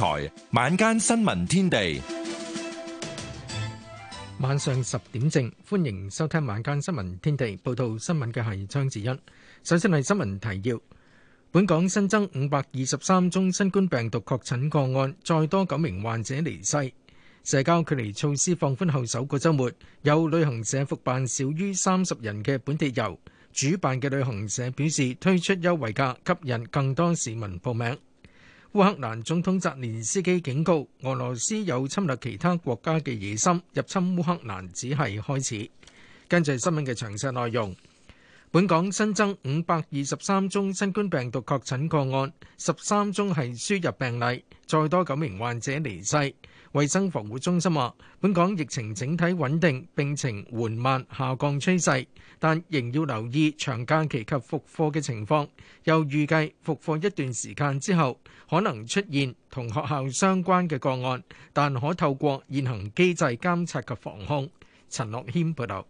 台晚間新聞天地，晚上十點正，歡迎收聽晚間新聞天地。報道新聞嘅係張智欣。首先係新聞提要，本港新增五百二十三宗新冠病毒確診個案，再多九名患者離世。社交距離措施放寬後首個周末，有旅行社復辦少於三十人嘅本地遊。主辦嘅旅行社表示，推出優惠價，吸引更多市民報名。烏克蘭總統澤連斯基警告俄羅斯有侵略其他國家嘅野心，入侵烏克蘭只係開始。跟住新聞嘅詳細內容。本港新增五百二十三宗新冠病毒確診個案，十三宗係輸入病例，再多九名患者離世。衛生防護中心話，本港疫情整體穩定，病情緩慢下降趨勢，但仍要留意長假期及復課嘅情況。又預計復課一段時間之後，可能出現同學校相關嘅個案，但可透過現行機制監察及防控。陳樂謙報道。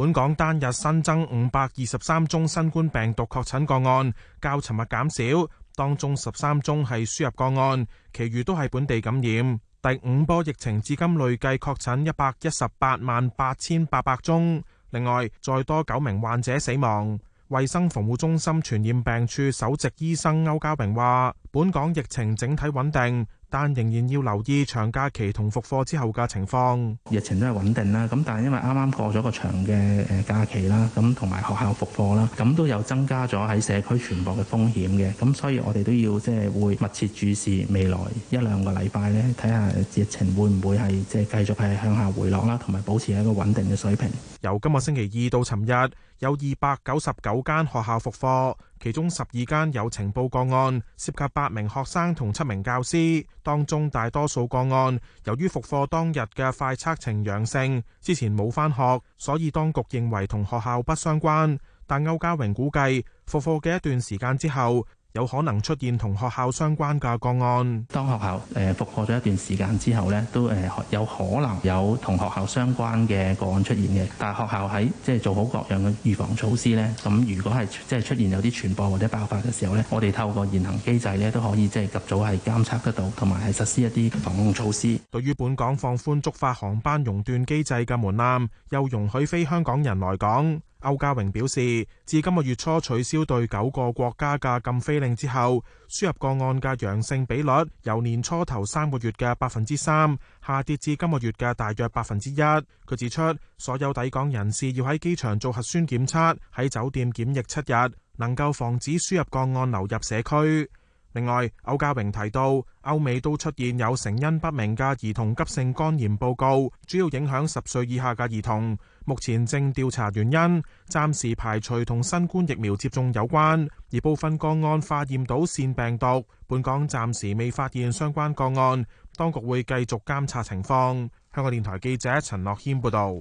本港單日新增五百二十三宗新冠病毒確診個案，較尋日減少，當中十三宗係輸入個案，其餘都係本地感染。第五波疫情至今累計確診一百一十八萬八千八百宗，另外再多九名患者死亡。衛生防護中心傳染病處首席醫生歐家榮話，本港疫情整體穩定。但仍然要留意長假期同復課之後嘅情況，疫情都係穩定啦。咁但係因為啱啱過咗個長嘅誒假期啦，咁同埋學校復課啦，咁都有增加咗喺社區傳播嘅風險嘅。咁所以我哋都要即係會密切注視未來一兩個禮拜呢，睇下疫情會唔會係即係繼續係向下回落啦，同埋保持一個穩定嘅水平。由今日星期二到尋日，有二百九十九間學校復課。其中十二間有情報個案，涉及八名學生同七名教師，當中大多數個案由於復課當日嘅快測呈陽性，之前冇返學，所以當局認為同學校不相關。但歐家榮估計，復課嘅一段時間之後，有可能出現同學校相關嘅個案。當學校誒復課咗一段時間之後呢，都誒有可能有同學校相關嘅個案出現嘅。但係學校喺即係做好各樣嘅預防措施呢。咁如果係即係出現有啲傳播或者爆發嘅時候呢，我哋透過現行機制呢，都可以即係及早係監測得到，同埋係實施一啲防控措施。對於本港放寬觸發航班熔斷機制嘅門檻，又容許非香港人來港。歐家榮表示，自今個月初取消對九個國家嘅禁飛令之後，輸入個案嘅陽性比率由年初頭三個月嘅百分之三下跌至今個月嘅大約百分之一。佢指出，所有抵港人士要喺機場做核酸檢測，喺酒店檢疫七日，能夠防止輸入個案流入社區。另外，歐家榮提到，歐美都出現有成因不明嘅兒童急性肝炎報告，主要影響十歲以下嘅兒童。目前正調查原因，暫時排除同新冠疫苗接種有關，而部分個案化驗到腺病毒，本港暫時未發現相關個案，當局會繼續監察情況。香港電台記者陳樂謙報道。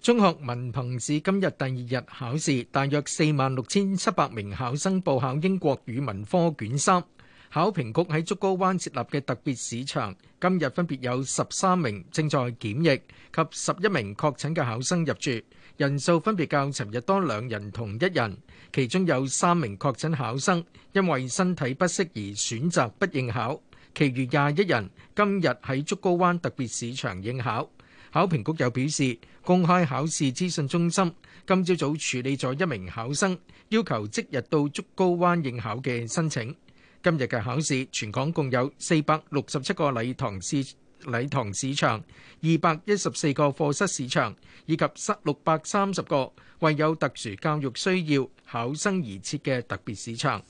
中學文憑試今日第二日考試，大約四萬六千七百名考生報考英國語文科卷三。考評局喺竹篙灣設立嘅特別試場，今日分別有十三名正在檢疫及十一名確診嘅考生入住，人數分別較尋日多兩人同一人。其中有三名確診考生因為身體不適而選擇不應考，其餘廿一人今日喺竹篙灣特別試場應考。考評局又表示，公開考試資訊中心今朝早處理咗一名考生要求即日到竹篙灣應考嘅申請。今日嘅考試，全港共有四百六十七個禮堂市禮堂市場、二百一十四個課室市場，以及六百三十個為有特殊教育需要考生而設嘅特別市場。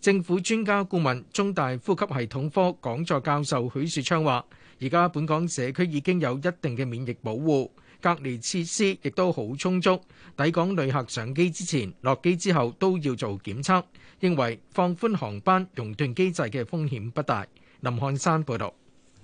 政府專家顧問、中大呼吸系統科講座教授許樹昌話，而家本港社區已經有一定嘅免疫保護。隔離設施亦都好充足，抵港旅客上機之前、落機之後都要做檢測。認為放寬航班熔斷機制嘅風險不大。林漢山報道。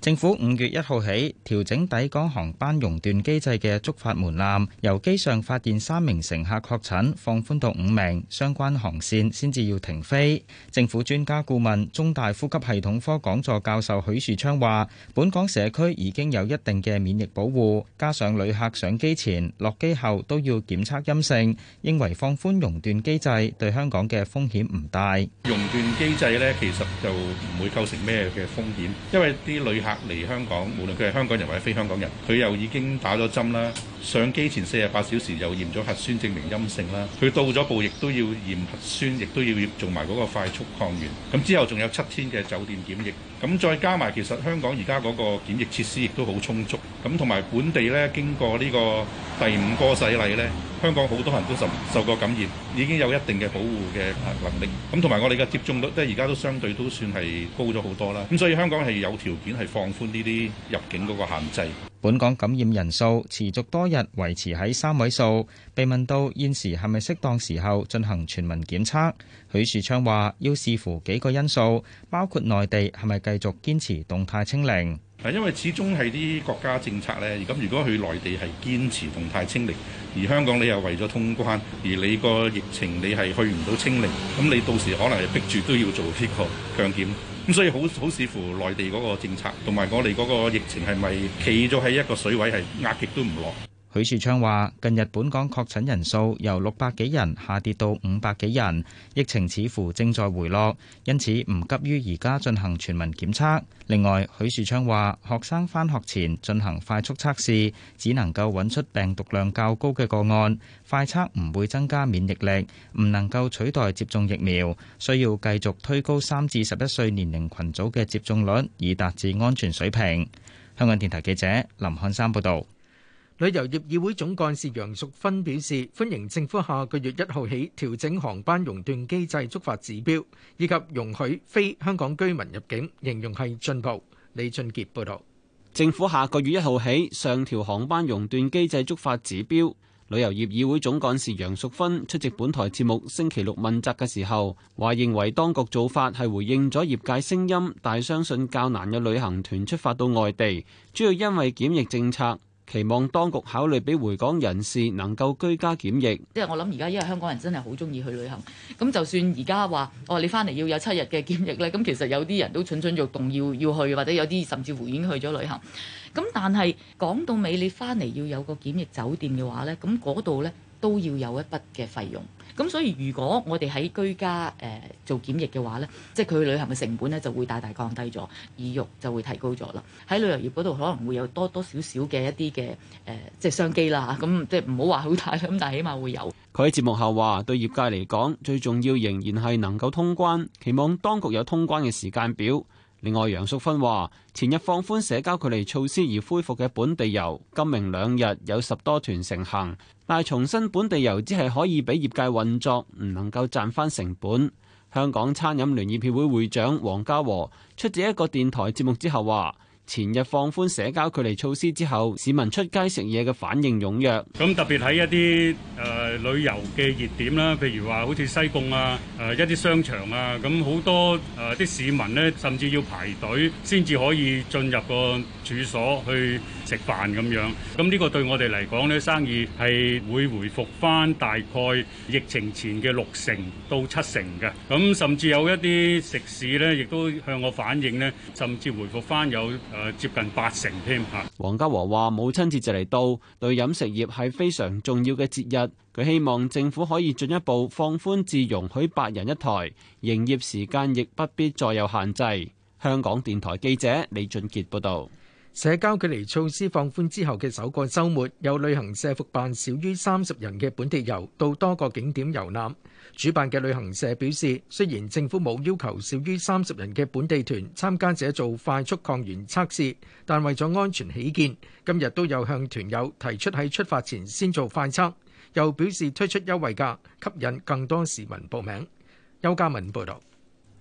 政府五月一號起調整抵港航班熔斷機制嘅觸發門檻，由機上發現三名乘客確診放寬到五名，相關航線先至要停飛。政府專家顧問、中大呼吸系統科講座教授許樹昌話，本港社區已經有一定嘅免疫保護，加上旅客上機前、落機後都要檢測陰性，認為放寬熔斷機制對香港嘅風險唔大。熔斷機制咧，其實就唔會構成咩嘅風險，因為啲旅客。客嚟香港，無論佢係香港人或者非香港人，佢又已經打咗針啦，上機前四十八小時又驗咗核酸證明陰性啦，佢到咗埗亦都要驗核酸，亦都要做埋嗰個快速抗原，咁之後仲有七天嘅酒店檢疫，咁再加埋其實香港而家嗰個檢疫設施亦都好充足。咁同埋本地咧，經過呢個第五波洗禮咧，香港好多人都受受過感染，已經有一定嘅保護嘅能力。咁同埋我哋嘅接種率，即係而家都相對都算係高咗好多啦。咁所以香港係有條件係放寬呢啲入境嗰個限制。本港感染人數持續多日維持喺三位數。被問到現時係咪適當時候進行全民檢測，許樹昌話要視乎幾個因素，包括內地係咪繼續堅持動態清零。因為始終係啲國家政策呢，咁如果去內地係堅持動態清零，而香港你又為咗通關，而你個疫情你係去唔到清零，咁你到時可能係逼住都要做呢個強檢，咁所以好好視乎內地嗰個政策，同埋我哋嗰個疫情係咪企咗喺一個水位係壓極都唔落。許樹昌話：近日本港確診人數由六百幾人下跌到五百幾人，疫情似乎正在回落，因此唔急於而家進行全民檢測。另外，許樹昌話學生返學前進行快速測試，只能夠揾出病毒量較高嘅個案，快測唔會增加免疫力，唔能夠取代接種疫苗，需要繼續推高三至十一歲年齡群組嘅接種率，以達至安全水平。香港電台記者林漢山報道。旅遊業議會總幹事楊淑芬表示，歡迎政府下個月一號起調整航班熔斷機制觸發指標，以及容許非香港居民入境，形容係進步。李俊杰報道，政府下個月一號起上調航班熔斷機制觸發指標。旅遊業議會總幹事楊淑芬出席本台節目星期六問責嘅時候，話認為當局做法係回應咗業界聲音，但相信較難有旅行團出發到外地，主要因為檢疫政策。期望當局考慮俾回港人士能夠居家檢疫。即係我諗而家，因為香港人真係好中意去旅行，咁就算而家話，我、哦、你翻嚟要有七日嘅檢疫咧，咁其實有啲人都蠢蠢欲動要要去，或者有啲甚至乎已經去咗旅行。咁但係講到尾，你翻嚟要有個檢疫酒店嘅話咧，咁嗰度咧都要有一筆嘅費用。咁所以如果我哋喺居家誒、呃、做檢疫嘅話咧，即係佢去旅行嘅成本咧就會大大降低咗，意欲就會提高咗啦。喺旅遊業嗰度可能會有多多少少嘅一啲嘅誒，即係商機啦。咁即係唔好話好大，咁但係起碼會有。佢喺節目後話：對業界嚟講，最重要仍然係能夠通關，期望當局有通關嘅時間表。另外，楊淑芬話：前日放寬社交距離措施而恢復嘅本地遊，今明兩日有十多團成行，但係重申本地遊只係可以俾業界運作，唔能夠賺返成本。香港餐飲聯業協會會長黃家和出席一個電台節目之後話。前日放寬社交距離措施之後，市民出街食嘢嘅反應踴躍。咁特別喺一啲誒旅遊嘅熱點啦，譬如話好似西貢啊，誒一啲商場啊，咁好多誒啲市民呢，甚至要排隊先至可以進入個處所去食飯咁樣。咁呢個對我哋嚟講，呢生意係會回復翻大概疫情前嘅六成到七成嘅。咁甚至有一啲食肆呢，亦都向我反映呢，甚至回復翻有，誒接近八成添吓，黃家和話母親節就嚟到，對飲食業係非常重要嘅節日。佢希望政府可以進一步放寬至容許八人一台，營業時間亦不必再有限制。香港電台記者李俊杰報道。社交距離措施放寬之後嘅首個週末，有旅行社復辦少於三十人嘅本地遊到多個景點遊覽。主辦嘅旅行社表示，雖然政府冇要求少於三十人嘅本地團參加者做快速抗原測試，但為咗安全起見，今日都有向團友提出喺出發前先做快測，又表示推出優惠價，吸引更多市民報名。邱家文報道。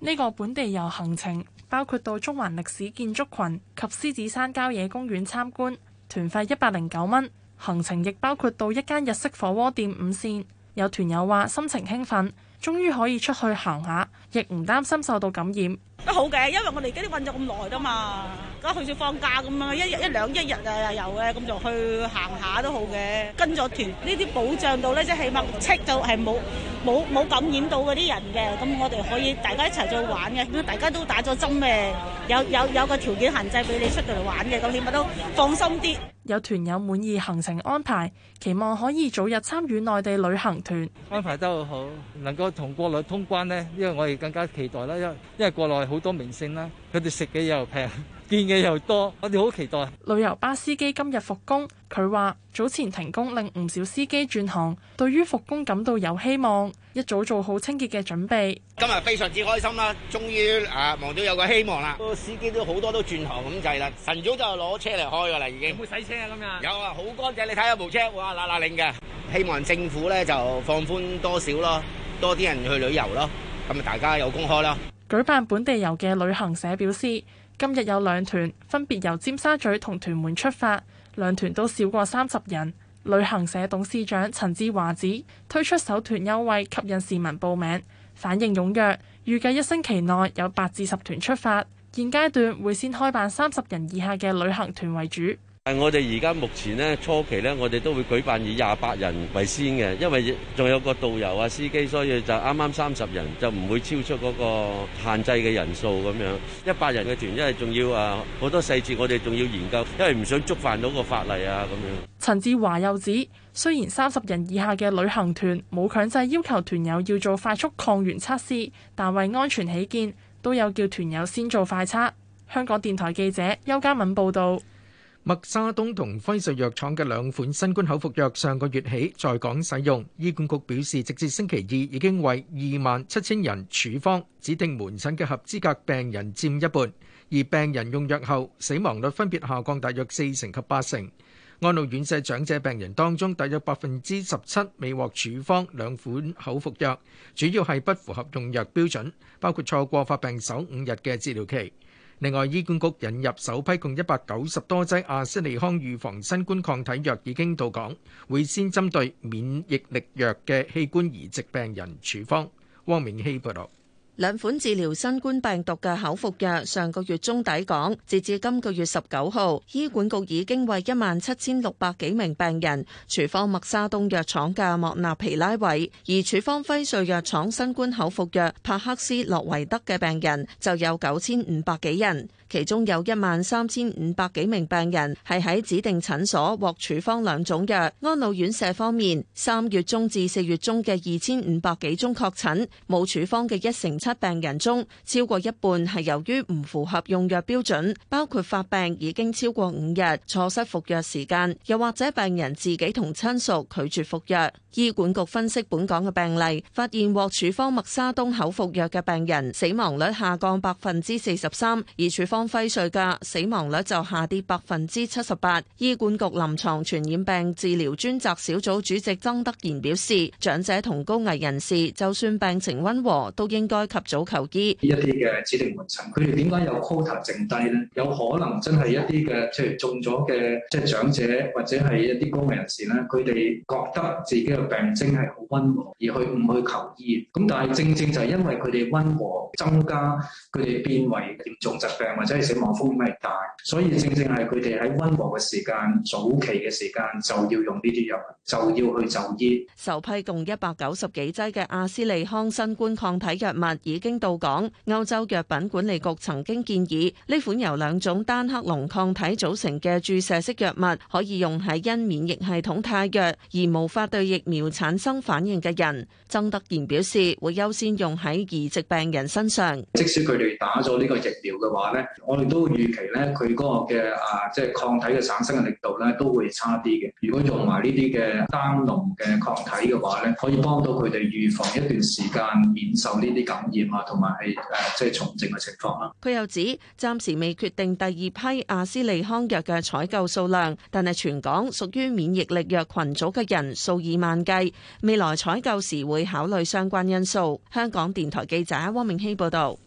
呢個本地遊行程包括到中環歷史建築群及獅子山郊野公園參觀，團費一百零九蚊。行程亦包括到一間日式火鍋店午膳。有團友話心情興奮。終於可以出去行下，亦唔擔心受到感染都好嘅，因為我哋而家都運咗咁耐噶嘛，而家好似放假咁啊，一日一兩一日又有嘅，咁就去行下都好嘅，跟咗團呢啲保障到咧，即係起碼 check 到係，冇冇冇感染到嗰啲人嘅，咁我哋可以大家一齊再玩嘅，咁大家都打咗針咩？有有有個條件限制俾你出到嚟玩嘅，咁起碼都放心啲。有團友滿意行程安排，期望可以早日參與內地旅行團。安排得好好，能夠同國內通關呢，因為我哋更加期待啦。因因為國內好多明星啦，佢哋食嘅又平，見嘅又多，我哋好期待。旅遊巴司機今日復工，佢話早前停工令唔少司機轉行，對於復工感到有希望。一早做好清潔嘅準備。今日非常之開心啦，終於啊望到有個希望啦。個司機都好多都轉行咁滯啦。晨早就攞車嚟開㗎喇，已經。有冇洗車啊？今日有啊，好乾淨。你睇下部車，哇，嗱嗱令嘅。希望政府咧就放寬多少咯，多啲人去旅遊咯。咁大家有工開咯。舉辦本地遊嘅旅行社表示，今日有兩團，分別由尖沙咀同屯門出發，兩團都少過三十人。旅行社董事長陳志華指推出首團優惠吸引市民報名，反應踴躍，預計一星期內有八至十團出發，現階段會先開辦三十人以下嘅旅行團為主。係我哋而家目前呢，初期呢，我哋都會舉辦以廿八人為先嘅，因為仲有個導遊啊、司機，所以就啱啱三十人就唔會超出嗰個限制嘅人數。咁樣一百人嘅團，因為仲要啊好多細節，我哋仲要研究，因為唔想觸犯到個法例啊咁樣。陳志華又指，雖然三十人以下嘅旅行團冇強制要求團友要做快速抗原測試，但為安全起見，都有叫團友先做快測。香港電台記者邱家敏報道。默沙東同輝瑞藥廠嘅兩款新冠口服藥，上個月起在港使用。醫管局表示，直至星期二已經為二萬七千人處方，指定門診嘅合資格病人佔一半。而病人用藥後，死亡率分別下降大約四成及八成。安老院舍長者病人當中，大約百分之十七未獲處方兩款口服藥，主要係不符合用藥標準，包括錯過發病首五日嘅治療期。另外，醫管局引入首批共一百九十多劑阿斯利康預防新冠抗體藥已經到港，會先針對免疫力弱嘅器官移植病人處方。汪明希報道。兩款治療新冠病毒嘅口服藥上個月中抵港，截至今個月十九號，醫管局已經為一萬七千六百幾名病人處方默沙東藥廠嘅莫納皮拉韋，而處方輝瑞藥廠新冠口服藥帕克斯洛維德嘅病人就有九千五百幾人。其中有一萬三千五百幾名病人係喺指定診所獲處方兩種藥。安老院舍方面，三月中至四月中嘅二千五百幾宗確診冇處方嘅一成七病人中，超過一半係由於唔符合用藥標準，包括發病已經超過五日，錯失服藥時間，又或者病人自己同親屬拒絕服藥。醫管局分析本港嘅病例，發現獲處方默沙東口服藥嘅病人死亡率下降百分之四十三，而處方。肺衰嘅死亡率就下跌百分之七十八。醫管局臨床傳染病治療專責小組主席曾德賢表示，長者同高危人士就算病情溫和，都應該及早求醫。一啲嘅指定門診，佢哋點解有 quota 剩低呢？有可能真係一啲嘅，即係中咗嘅即係長者或者係一啲高危人士，呢佢哋覺得自己嘅病徵係好溫和，而去唔去求醫？咁但係正正就係因為佢哋溫和，增加佢哋變為嚴重疾病。即係死亡風險係大，所以正正係佢哋喺溫和嘅時間、早期嘅時間就要用呢啲藥物，就要去就醫。首批共一百九十幾劑嘅阿斯利康新冠抗體藥物已經到港。歐洲藥品管理局曾經建議，呢款由兩種單克隆抗體組成嘅注射式藥物，可以用喺因免疫系統太弱而無法對疫苗產生反應嘅人。曾德賢表示，會優先用喺移植病人身上。即使佢哋打咗呢個疫苗嘅話咧。我哋都預期咧，佢嗰個嘅啊，即係抗體嘅產生嘅力度咧，都會差啲嘅。如果用埋呢啲嘅單濃嘅抗體嘅話咧，可以幫到佢哋預防一段時間免受呢啲感染啊，同埋係誒即係重症嘅情況啦。佢又指，暫時未決定第二批阿斯利康藥嘅採購數量，但係全港屬於免疫力弱群組嘅人數以萬計，未來採購時會考慮相關因素。香港電台記者汪明熙報道。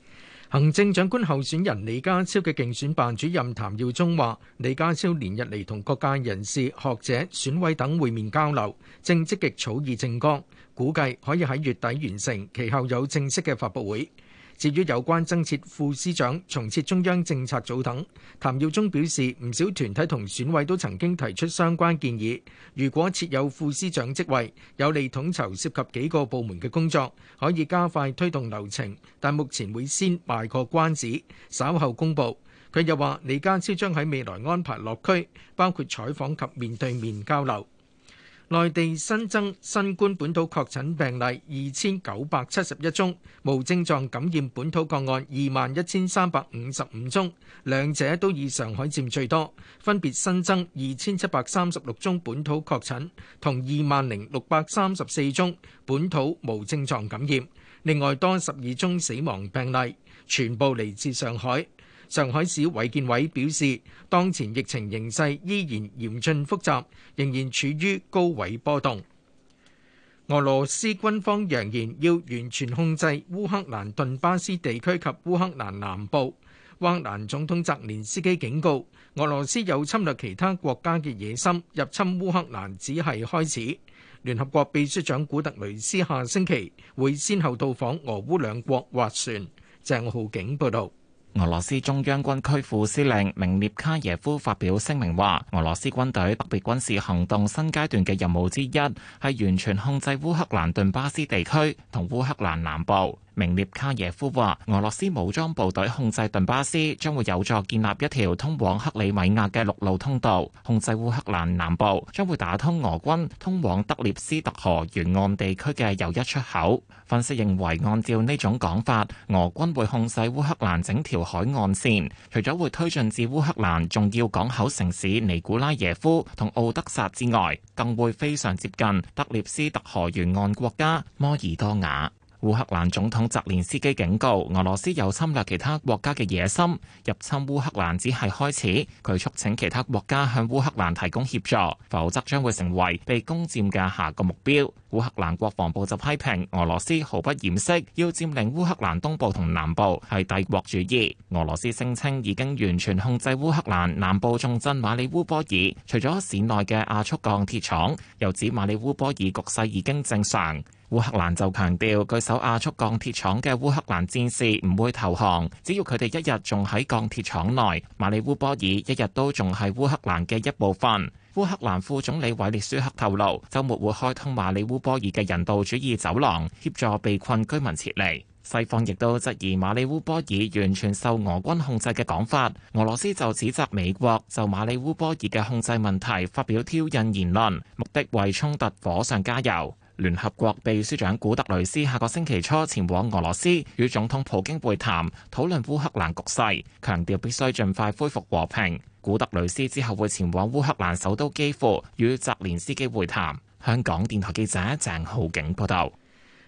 行政長官候選人李家超嘅競選辦主任譚耀宗話，李家超連日嚟同各界人士、學者、選委等會面交流，正積極草擬政綱，估計可以喺月底完成，其後有正式嘅發佈會。至於有關增設副司長、重設中央政策組等，譚耀宗表示，唔少團體同選委都曾經提出相關建議。如果設有副司長職位，有利統籌涉及幾個部門嘅工作，可以加快推動流程。但目前會先賣個關子，稍後公佈。佢又話，李家超將喺未來安排落區，包括採訪及面對面交流。內地新增新冠本土確診病例二千九百七十一宗，無症狀感染本土個案二萬一千三百五十五宗，兩者都以上海佔最多，分別新增二千七百三十六宗本土確診，同二萬零六百三十四宗本土無症狀感染，另外多十二宗死亡病例，全部嚟自上海。上海市衛健委表示，當前疫情形勢依然嚴峻複雜，仍然處於高位波動。俄羅斯軍方揚言要完全控制烏克蘭頓巴斯地區及烏克蘭南部。烏克蘭總統澤連斯基警告，俄羅斯有侵略其他國家嘅野心，入侵烏克蘭只係開始。聯合國秘書長古特雷斯下星期會先後到訪俄烏兩國斡旋。鄭浩景報導。俄羅斯中央軍區副司令明涅卡耶夫發表聲明話：俄羅斯軍隊特別軍事行動新階段嘅任務之一係完全控制烏克蘭頓巴斯地區同烏克蘭南部。明列卡耶夫話：俄羅斯武裝部隊控制頓巴斯，將會有助建立一條通往克里米亞嘅陸路通道；控制烏克蘭南部，將會打通俄軍通往德涅斯特河沿岸地區嘅又一出口。分析認為，按照呢種講法，俄軍會控制烏克蘭整條海岸線，除咗會推進至烏克蘭重要港口城市尼古拉耶夫同敖德薩之外，更會非常接近德涅斯特河沿岸國家摩爾多瓦。烏克蘭總統澤連斯基警告俄羅斯有侵略其他國家嘅野心，入侵烏克蘭只係開始。佢促請其他國家向烏克蘭提供協助，否則將會成為被攻佔嘅下個目標。烏克蘭國防部就批評俄羅斯毫不掩飾要佔領烏克蘭東部同南部，係帝國主義。俄羅斯聲稱已經完全控制烏克蘭南部重鎮馬里烏波爾，除咗市內嘅亞速鋼鐵廠，又指馬里烏波爾局勢已經正常。烏克蘭就強調，據守亞速鋼鐵廠嘅烏克蘭戰士唔會投降，只要佢哋一日仲喺鋼鐵廠內，馬里烏波爾一日都仲係烏克蘭嘅一部分。烏克蘭副總理韋列舒克透露，週末會開通馬里烏波爾嘅人道主義走廊，協助被困居民撤離。西方亦都質疑馬里烏波爾完全受俄軍控制嘅講法。俄羅斯就指責美國就馬里烏波爾嘅控制問題發表挑釁言論，目的為衝突火上加油。聯合國秘書長古特雷斯下個星期初前往俄羅斯與總統普京會談，討論烏克蘭局勢，強調必須盡快恢復和平。古特雷斯之後會前往烏克蘭首都基輔與澤連斯基會談。香港電台記者鄭浩景報道。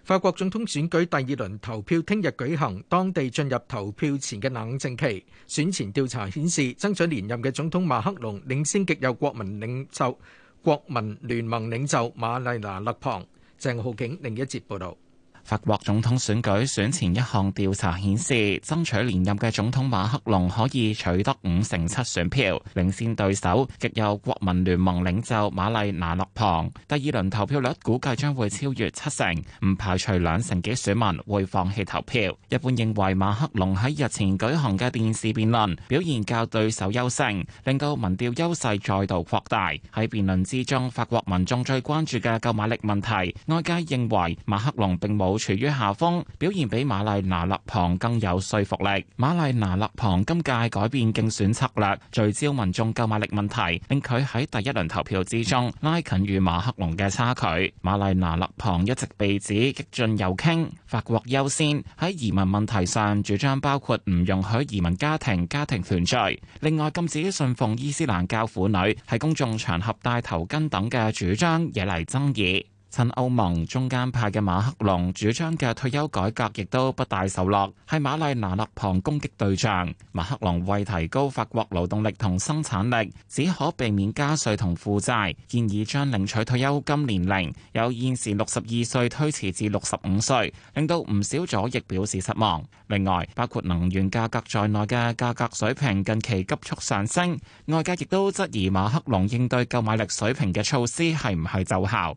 法國總統選舉第二輪投票聽日舉行，當地進入投票前嘅冷靜期。選前調查顯示，爭取連任嘅總統馬克龍領先極右國民領袖國民聯盟領袖馬麗娜勒旁。鄭浩景另一節報道。法國總統選舉選前一項調查顯示，爭取連任嘅總統馬克龍可以取得五成七選票，領先對手極右國民聯盟領袖馬麗娜勒龐。第二輪投票率估計將會超越七成，唔排除兩成幾選民會放棄投票。一般認為馬克龍喺日前舉行嘅電視辯論表現較對手優勝，令到民調優勢再度擴大。喺辯論之中，法國民眾最關注嘅購買力問題，外界認為馬克龍並冇。處於下風，表現比瑪麗娜勒龐更有說服力。瑪麗娜勒龐今屆改變競選策略，聚焦民眾購買力問題，令佢喺第一輪投票之中拉近與馬克龍嘅差距。瑪麗娜勒龐一直被指激進右傾，法國優先，喺移民問題上主張包括唔容許移民家庭家庭團聚，另外禁止信奉伊斯蘭教婦女喺公眾場合戴頭巾等嘅主張惹嚟爭議。趁歐盟中間派嘅馬克龍主張嘅退休改革，亦都不大受落，係瑪麗娜勒龐攻擊對象。馬克龍為提高法國勞動力同生產力，只可避免加稅同負債，建議將領取退休金年，年齡由現時六十二歲推遲至六十五歲，令到唔少左翼表示失望。另外，包括能源價格在內嘅價格水平近期急速上升，外界亦都質疑馬克龍應對購買力水平嘅措施係唔係奏效。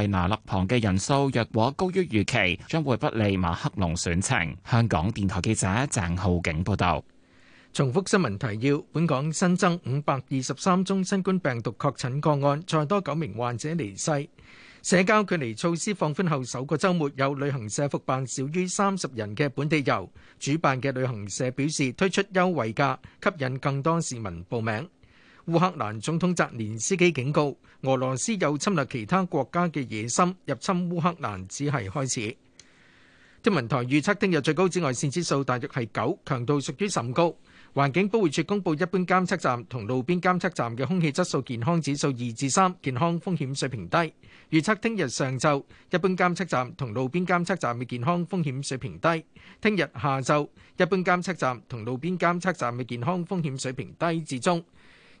拿勒龐嘅人數若果高於預期，將會不利馬克龍選情。香港電台記者鄭浩景報道。重複新聞提要：本港新增五百二十三宗新冠病毒確診個案，再多九名患者離世。社交距離措施放寬後首個週末，有旅行社復辦少於三十人嘅本地遊。主辦嘅旅行社表示，推出優惠價，吸引更多市民報名。烏克蘭總統澤連斯基警告俄羅斯有侵略其他國家嘅野心，入侵烏克蘭只係開始。天文台預測聽日最高紫外線指數大約係九，強度屬於甚高。環境保護署公布一般監測站同路邊監測站嘅空氣質素健康指數二至三，健康風險水平低。預測聽日上晝一般監測站同路邊監測站嘅健康風險水平低。聽日下晝一般監測站同路邊監測站嘅健康風險水平低至中。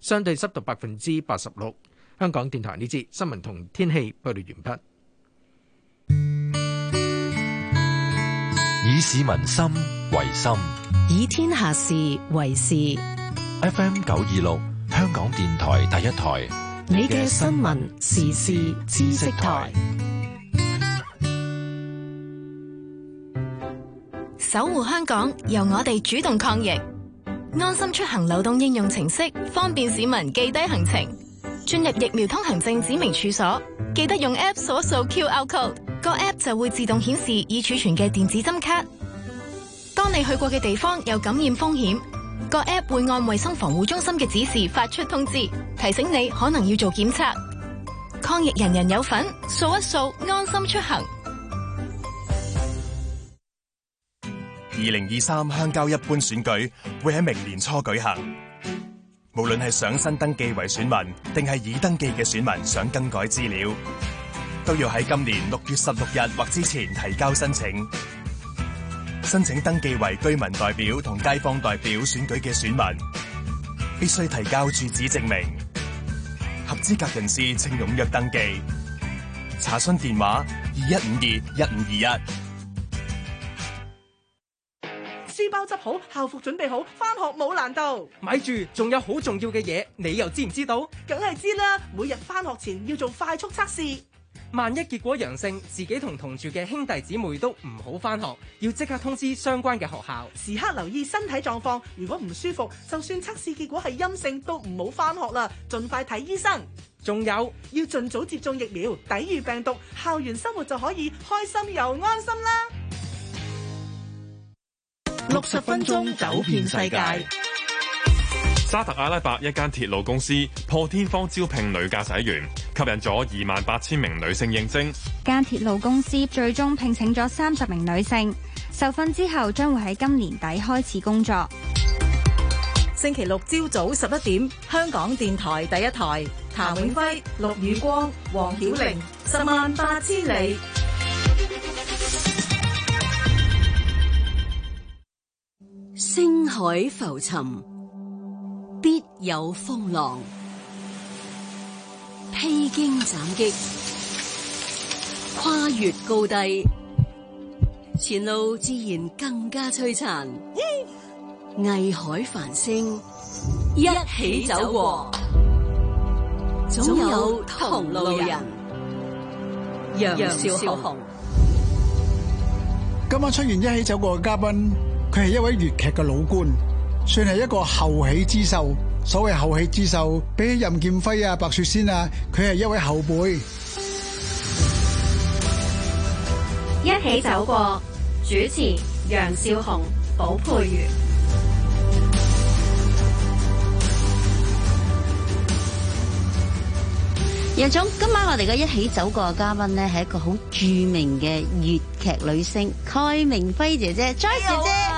相對濕度百分之八十六。香港電台呢節新聞同天氣報道完畢。以市民心為心，以天下事為事。FM 九二六，香港電台第一台。你嘅新聞時事知識台，守護香港，由我哋主動抗疫。安心出行流動應用程式，方便市民記低行程，進入疫苗通行證指明處所，記得用 App 掃一掃 QR code，個 App 就會自動顯示已儲存嘅電子針卡。當你去過嘅地方有感染風險，個 App 會按衛生防護中心嘅指示發出通知，提醒你可能要做檢測。抗疫人人有份，掃一掃安心出行。二零二三鄉郊一般選舉會喺明年初舉行。無論係想新登記為選民，定係已登記嘅選民想更改資料，都要喺今年六月十六日或之前提交申請。申請登記為居民代表同街坊代表選舉嘅選民，必須提交住址證明。合資格人士請踴躍登記。查詢電話：二一五二一五二一。執好校服，準備好翻學冇難度。咪住，仲有好重要嘅嘢，你又知唔知道？梗係知啦！每日翻學前要做快速測試，萬一結果陽性，自己同同住嘅兄弟姊妹都唔好翻學，要即刻通知相關嘅學校。時刻留意身體狀況，如果唔舒服，就算測試結果係陰性，都唔好翻學啦，盡快睇醫生。仲有，要盡早接種疫苗，抵禦病毒，校園生活就可以開心又安心啦。六十分鐘走遍世界。沙特阿拉伯一間鐵路公司破天荒招聘女駕駛員，吸引咗二萬八千名女性應徵。間鐵路公司最終聘請咗三十名女性，受訓之後將會喺今年底開始工作。星期六朝早十一點，香港電台第一台，譚永輝、陸宇光、黃曉玲，十萬八千里。海浮沉，必有風浪；披荊斬棘，跨越高低，前路自然更加璀璨。藝海繁星，一起走過，總有同路人。楊少紅，今晚出現《一起走過》嘅嘉賓。佢係一位粵劇嘅老倌，算係一個後起之秀。所謂後起之秀，比起任劍輝啊、白雪仙啊，佢係一位後輩。一起走過，主持楊少雄、寶佩如。楊總，今晚我哋嘅一起走過嘅嘉賓咧，係一個好著名嘅粵劇女星蓋明輝姐姐，Joy 姐姐。